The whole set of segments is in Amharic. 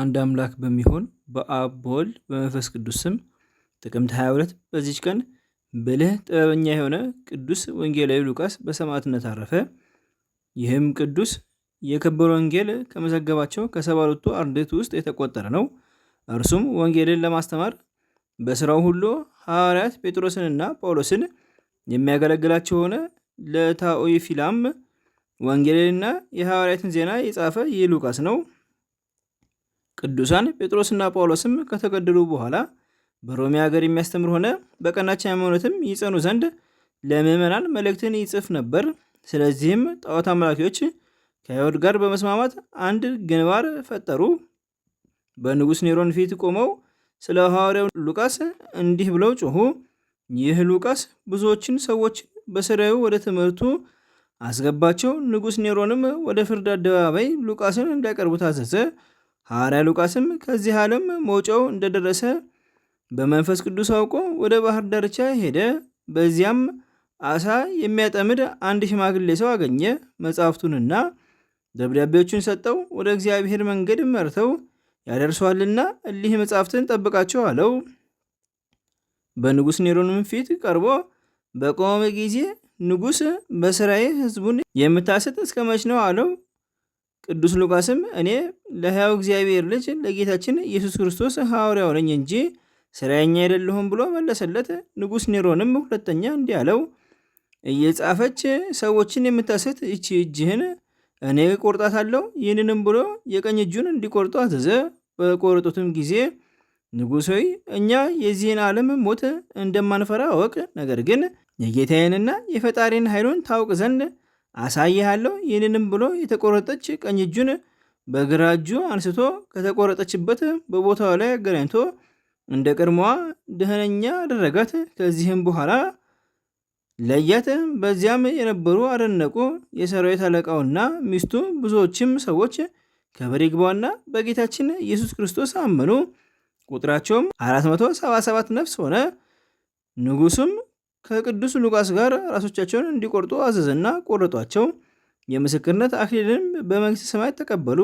አንድ አምላክ በሚሆን በአብ በወልድ በመንፈስ ቅዱስ ስም ጥቅምት 22 በዚች ቀን ብልህ ጥበበኛ የሆነ ቅዱስ ወንጌላዊ ሉቃስ በሰማዕትነት አረፈ። ይህም ቅዱስ የከበረ ወንጌል ከመዘገባቸው ከሰባ ሁለቱ አርድእት ውስጥ የተቆጠረ ነው። እርሱም ወንጌልን ለማስተማር በስራው ሁሉ ሐዋርያት ጴጥሮስንና ጳውሎስን የሚያገለግላቸው ሆነ። ለታኦይ ፊላም ወንጌልንና የሐዋርያትን ዜና የጻፈ ይህ ሉቃስ ነው። ቅዱሳን ጴጥሮስና ጳውሎስም ከተገደሉ በኋላ በሮሜ ሀገር የሚያስተምር ሆነ በቀናች ሃይማኖትም ይጸኑ ዘንድ ለምዕመናን መልእክትን ይጽፍ ነበር። ስለዚህም ጣዖት አምላኪዎች ከአይሁድ ጋር በመስማማት አንድ ግንባር ፈጠሩ። በንጉሥ ኔሮን ፊት ቆመው ስለ ሐዋርያው ሉቃስ እንዲህ ብለው ጮኹ። ይህ ሉቃስ ብዙዎችን ሰዎች በስራዩ ወደ ትምህርቱ አስገባቸው። ንጉሥ ኔሮንም ወደ ፍርድ አደባባይ ሉቃስን እንዲያቀርቡ ታዘዘ። ሐዋርያ ሉቃስም ከዚህ ዓለም መውጫው እንደደረሰ በመንፈስ ቅዱስ አውቆ ወደ ባህር ዳርቻ ሄደ። በዚያም አሳ የሚያጠምድ አንድ ሽማግሌ ሰው አገኘ። መጽሐፍቱንና ደብዳቤዎቹን ሰጠው። ወደ እግዚአብሔር መንገድ መርተው ያደርሷልና እሊህ መጽሐፍትን ጠብቃቸው አለው። በንጉሥ ኔሮንም ፊት ቀርቦ በቆመ ጊዜ ንጉሥ፣ በስራዬ ሕዝቡን የምታሰጥ እስከ መች ነው? አለው። ቅዱስ ሉቃስም እኔ ለሕያው እግዚአብሔር ልጅ ለጌታችን ኢየሱስ ክርስቶስ ሐዋርያው ነኝ እንጂ ስራኛ አይደለሁም ብሎ መለሰለት። ንጉሥ ኔሮንም ሁለተኛ እንዲህ አለው፣ እየጻፈች ሰዎችን የምታስት ይቺ እጅህን እኔ ቆርጣታለሁ። ይህንንም ብሎ የቀኝ እጁን እንዲቆርጡ አዘዘ። በቆረጡትም ጊዜ ንጉሥ ሆይ እኛ የዚህን ዓለም ሞት እንደማንፈራ አወቅ ነገር ግን የጌታዬንና የፈጣሪን ኃይሉን ታውቅ ዘንድ አሳይሃለሁ። ይህንንም ብሎ የተቆረጠች ቀኝ እጁን በግራ እጁ አንስቶ ከተቆረጠችበት በቦታው ላይ አገናኝቶ እንደ ቀድሞዋ ደህነኛ አደረጋት። ከዚህም በኋላ ለያት። በዚያም የነበሩ አደነቁ። የሰራዊት አለቃውና ሚስቱ ብዙዎችም ሰዎች ከበሪግባና በጌታችን ኢየሱስ ክርስቶስ አመኑ። ቁጥራቸውም 477 ነፍስ ሆነ። ንጉሱም ከቅዱስ ሉቃስ ጋር ራሶቻቸውን እንዲቆርጡ አዘዘና ቆረጧቸው። የምስክርነት አክሊልን በመንግሥተ ሰማያት ተቀበሉ።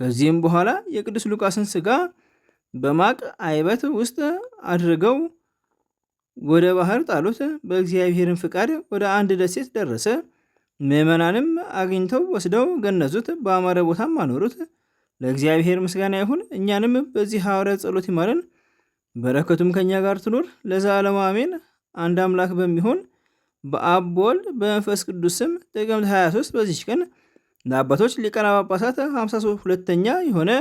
ከዚህም በኋላ የቅዱስ ሉቃስን ሥጋ በማቅ አይበት ውስጥ አድርገው ወደ ባህር ጣሉት። በእግዚአብሔርን ፍቃድ ወደ አንድ ደሴት ደረሰ። ምዕመናንም አግኝተው ወስደው ገነዙት፣ በአማረ ቦታም አኖሩት። ለእግዚአብሔር ምስጋና ይሁን። እኛንም በዚህ ሐዋርያ ጸሎት ይማረን። በረከቱም ከእኛ ጋር ትኑር ለዘላለም አሜን። አንድ አምላክ በሚሆን በአብ በወልድ በመንፈስ ቅዱስ ስም ጥቅምት 23 በዚች ቀን ለአባቶች ሊቃነ ጳጳሳት 52ኛ የሆነ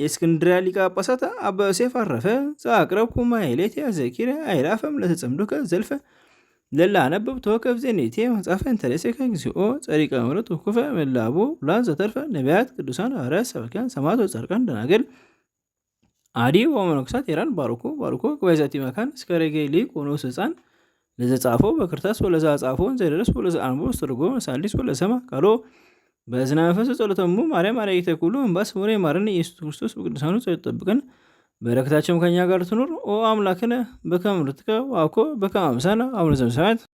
የእስክንድሪያ ሊቀ ጳጳሳት አባ ዮሴፍ አረፈ። ዘአቅረብኩ ማኅሌተ ዘኪር አይላፈም ለተጸምዱከ ዘልፈ ለላ አነበብቶ ዜኔቴ መጽሐፈ እንተሬሴከ ግዚኦ ጸሪቀ ምሕረት ወኩፈ መላቡ ላን ዘተርፈ ነቢያት ቅዱሳን አረ ሰባክያን ሰማዕታት ጻድቃን ደናግል አዲ ወመነኮሳት ኤራን ባርኮ ባርኮ ባይዛቲ መካን እስከ ረጌ ሊቅ ሆኖስ ህፃን ለዘጻፎ በክርታስ ወለዛ ጻፎን ዘደረስ ወለዛ አንቦ ስትርጎ መሳሊስ ወለሰማ ቃሎ በዝና መንፈስ ጸሎተሙ ማርያም ማርያ ይተኩሉ እንባስ ወሬ ማርን ኢየሱስ ክርስቶስ በቅዱሳኑ ጸሎት ጠብቀን በረከታቸውም ከኛ ጋር ትኑር ኦ አምላክነ በከመ ምሕረትከ ወአኮ በከመ አምሳለ አቡነ ዘበሰማያት